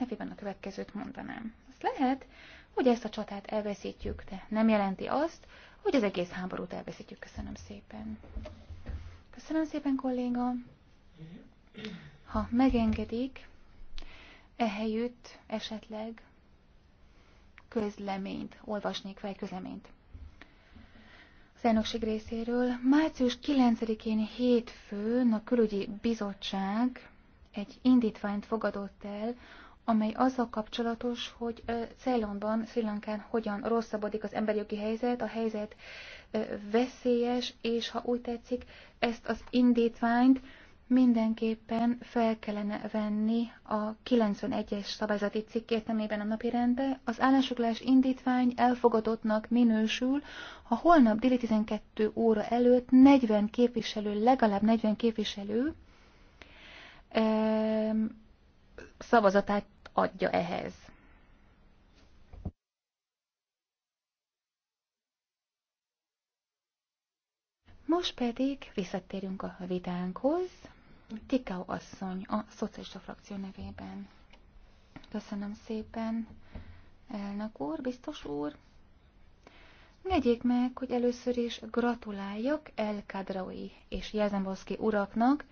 ennek hát nevében a következőt mondanám. Azt lehet, hogy ezt a csatát elveszítjük, de nem jelenti azt, hogy az egész háborút elveszítjük. Köszönöm szépen. Köszönöm szépen, kolléga. Ha megengedik, ehelyütt esetleg közleményt olvasnék fel, közleményt. Az elnökség részéről március 9-én hétfőn a külügyi bizottság egy indítványt fogadott el amely azzal kapcsolatos, hogy Ceylonban, Sri Lankán hogyan rosszabbodik az emberi jogi helyzet, a helyzet veszélyes, és ha úgy tetszik, ezt az indítványt mindenképpen fel kellene venni a 91-es szabályzati cikk értelmében a napirendbe. Az állásoklás indítvány elfogadottnak minősül, ha holnap déli 12 óra előtt 40 képviselő, legalább 40 képviselő szavazatát adja ehhez. Most pedig visszatérünk a vitánkhoz. Tikau asszony a szocialista frakció nevében. Köszönöm szépen, elnök úr, biztos úr. Negyék meg, hogy először is gratuláljak El Kadraui és Jezemboszki uraknak